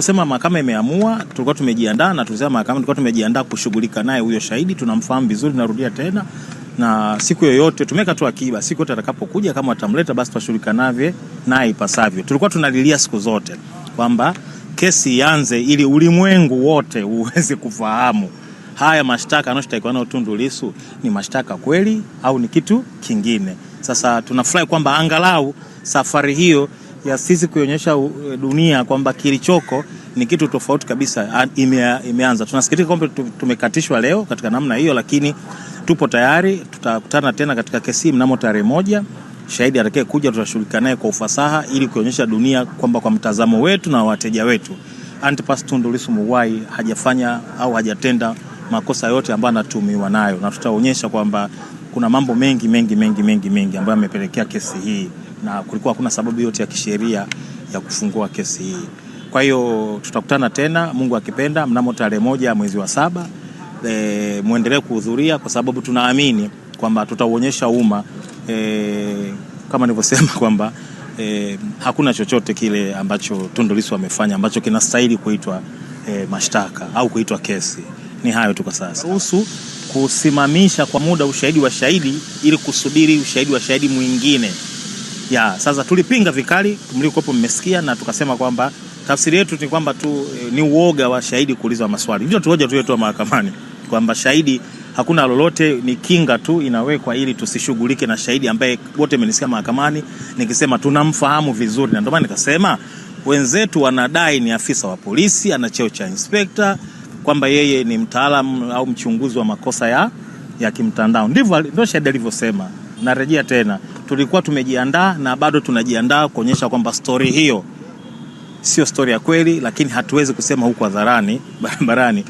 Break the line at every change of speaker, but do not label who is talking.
kusema mahakama imeamua. Tulikuwa tumejiandaa na tulisema mahakama tulikuwa tumejiandaa kushughulika naye huyo shahidi, tunamfahamu vizuri, narudia tena na siku yoyote tumeweka tu akiba, siku yote atakapokuja, kama atamleta basi tutashughulika naye naye ipasavyo. Tulikuwa tunalilia siku zote kwamba kesi ianze ili ulimwengu wote uweze kufahamu haya mashtaka anayoshtakiwa nayo Tundu Lissu ni mashtaka kweli au ni kitu kingine. Sasa tunafurahi kwamba angalau safari hiyo ya sisi kuonyesha e, dunia kwamba kilichoko ni kitu tofauti kabisa ime, imeanza. Tunasikitika kwamba tumekatishwa leo katika namna hiyo, lakini tupo tayari, tutakutana tena katika kesi mnamo tarehe moja. Shahidi atakaye kuja tutashughulika naye kwa ufasaha ili kuonyesha dunia kwamba kwa mtazamo wetu na wateja wetu Antipas Tundu Lissu Mughwai hajafanya au hajatenda makosa yote ambayo anatumiwa nayo, na tutaonyesha kwamba kuna mambo mengi mengi mengi mengi mengi ambayo yamepelekea kesi hii na kulikuwa hakuna sababu yote ya kisheria ya kufungua kesi hii. Kwa hiyo tutakutana tena Mungu akipenda mnamo tarehe moja ya mwezi wa saba. E, mwendelee kuhudhuria kwa sababu tunaamini kwamba tutauonyesha umma e, kama nilivyosema kwamba e, hakuna chochote kile ambacho Tundu Lissu amefanya ambacho kinastahili kuitwa e, mashtaka au kuitwa kesi. Ni hayo tu kwa sasa.
Ruhusu kusimamisha kwa muda ushahidi wa shahidi ili kusubiri ushahidi wa shahidi mwingine ya sasa tulipinga vikali, mlikopo mmesikia, na tukasema kwamba tafsiri yetu ni kwamba tu eh, ni uoga wa shahidi kuulizwa maswali. ndio tuoja tuyetoa mahakamani kwamba shahidi hakuna lolote, ni kinga tu inawekwa ili tusishughulike na shahidi ambaye wote mmenisikia mahakamani nikisema tunamfahamu vizuri, na ndio maana nikasema wenzetu wanadai ni afisa wa polisi, ana cheo cha inspekta, kwamba yeye ni mtaalamu au mchunguzi wa makosa ya ya kimtandao. Ndivyo ndio shahidi alivyosema. Narejea tena tulikuwa tumejiandaa na bado tunajiandaa kuonyesha kwamba stori hiyo sio stori ya kweli, lakini hatuwezi kusema huku hadharani barabarani